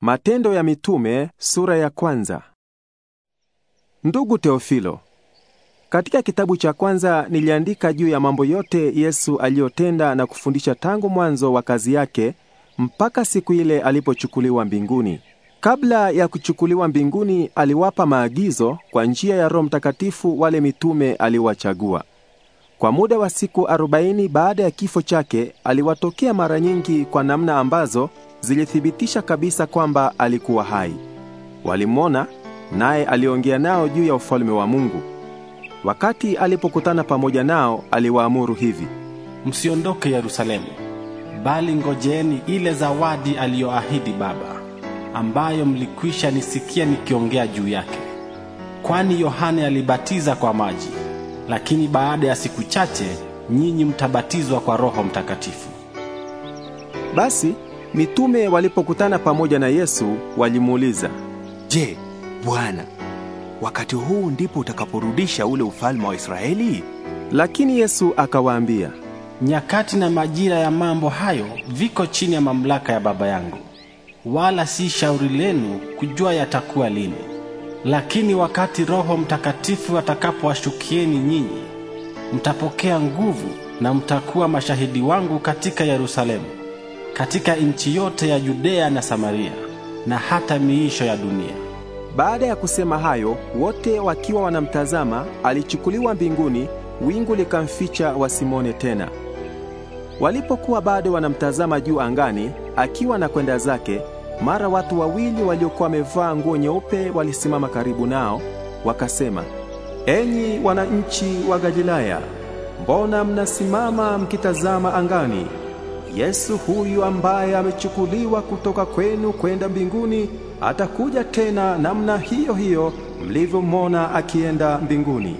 Matendo ya Mitume sura ya kwanza. Ndugu Teofilo, katika kitabu cha kwanza niliandika juu ya mambo yote Yesu aliyotenda na kufundisha tangu mwanzo wa kazi yake mpaka siku ile alipochukuliwa mbinguni. Kabla ya kuchukuliwa mbinguni, aliwapa maagizo kwa njia ya Roho Mtakatifu wale mitume aliwachagua. Kwa muda wa siku arobaini baada ya kifo chake, aliwatokea mara nyingi kwa namna ambazo zilithibitisha kabisa kwamba alikuwa hai. Walimwona naye aliongea nao juu ya ufalme wa Mungu. Wakati alipokutana pamoja nao, aliwaamuru hivi: msiondoke Yerusalemu, bali ngojeeni ile zawadi aliyoahidi Baba, ambayo mlikwisha nisikia nikiongea juu yake. Kwani Yohane alibatiza kwa maji, lakini baada ya siku chache nyinyi mtabatizwa kwa Roho Mtakatifu. Basi Mitume walipokutana pamoja na Yesu walimuuliza, Je, Bwana, wakati huu ndipo utakaporudisha ule ufalme wa Israeli? Lakini Yesu akawaambia, nyakati na majira ya mambo hayo viko chini ya mamlaka ya Baba yangu, wala si shauri lenu kujua yatakuwa lini. Lakini wakati Roho Mtakatifu atakapowashukieni nyinyi, mtapokea nguvu na mtakuwa mashahidi wangu katika Yerusalemu katika nchi yote ya Judea na Samaria na hata miisho ya dunia. Baada ya kusema hayo, wote wakiwa wanamtazama, alichukuliwa mbinguni, wingu likamficha wasimone tena. Walipokuwa bado wanamtazama juu angani, akiwa na kwenda zake, mara watu wawili waliokuwa wamevaa nguo nyeupe walisimama karibu nao, wakasema, Enyi wananchi wa Galilaya, mbona mnasimama mkitazama angani? Yesu huyu ambaye amechukuliwa kutoka kwenu kwenda mbinguni atakuja tena namna hiyo hiyo mlivyomwona akienda mbinguni.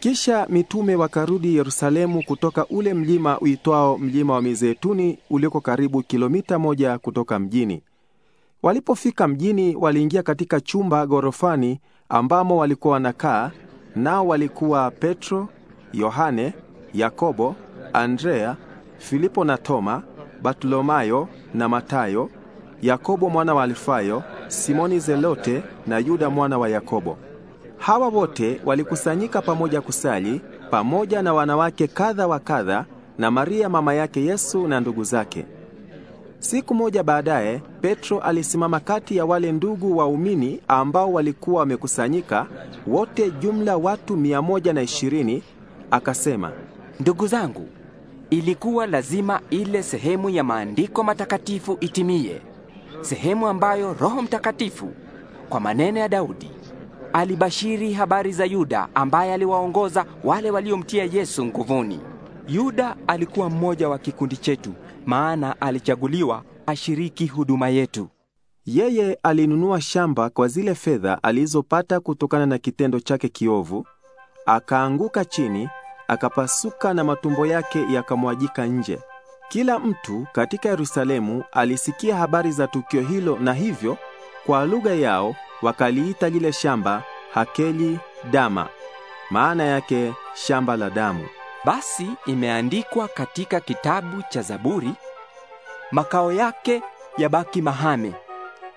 Kisha mitume wakarudi Yerusalemu kutoka ule mlima uitwao mlima wa Mizeituni ulioko karibu kilomita moja kutoka mjini. Walipofika mjini, waliingia katika chumba ghorofani ambamo walikuwa wanakaa, nao walikuwa Petro, Yohane, Yakobo, Andrea Filipo na Toma, Bartolomayo na Matayo, Yakobo mwana wa Alfayo, Simoni Zelote na Yuda mwana wa Yakobo. Hawa wote walikusanyika pamoja kusali pamoja na wanawake kadha wa kadha na Maria mama yake Yesu na ndugu zake. Siku moja baadaye, Petro alisimama kati ya wale ndugu waumini ambao walikuwa wamekusanyika wote, jumla watu mia moja na ishirini, akasema, ndugu zangu, Ilikuwa lazima ile sehemu ya maandiko matakatifu itimie, sehemu ambayo Roho Mtakatifu kwa maneno ya Daudi alibashiri habari za Yuda ambaye aliwaongoza wale waliomtia Yesu nguvuni. Yuda alikuwa mmoja wa kikundi chetu, maana alichaguliwa ashiriki huduma yetu. Yeye alinunua shamba kwa zile fedha alizopata kutokana na kitendo chake kiovu, akaanguka chini akapasuka na matumbo yake yakamwajika nje. Kila mtu katika Yerusalemu alisikia habari za tukio hilo, na hivyo kwa lugha yao wakaliita lile shamba Hakeli Dama, maana yake shamba la damu. Basi imeandikwa katika kitabu cha Zaburi, makao yake yabaki mahame,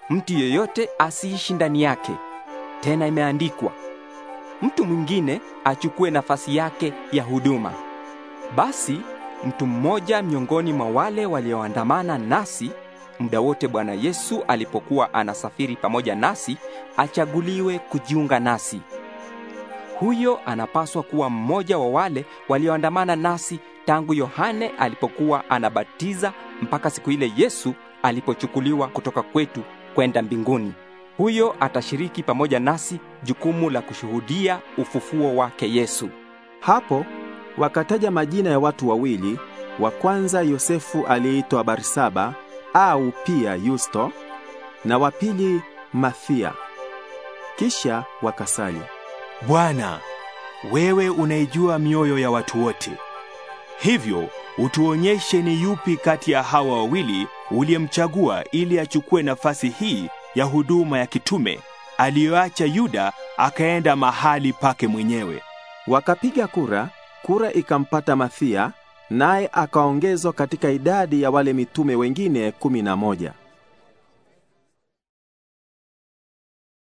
mtu yeyote asiishi ndani yake. Tena imeandikwa mtu mwingine achukue nafasi yake ya huduma. Basi mtu mmoja miongoni mwa wale walioandamana nasi muda wote Bwana Yesu alipokuwa anasafiri pamoja nasi achaguliwe kujiunga nasi. Huyo anapaswa kuwa mmoja wa wale walioandamana nasi tangu Yohane alipokuwa anabatiza mpaka siku ile Yesu alipochukuliwa kutoka kwetu kwenda mbinguni huyo atashiriki pamoja nasi jukumu la kushuhudia ufufuo wake Yesu. Hapo wakataja majina ya watu wawili, wa kwanza Yosefu aliyeitwa Barsaba au pia Yusto, na wa pili Mathia. Kisha wakasali, Bwana, wewe unaijua mioyo ya watu wote, hivyo utuonyeshe ni yupi kati ya hawa wawili uliyemchagua ili achukue nafasi hii ya huduma ya kitume aliyoacha Yuda akaenda mahali pake mwenyewe. Wakapiga kura, kura ikampata Mathia, naye akaongezwa katika idadi ya wale mitume wengine kumi na moja.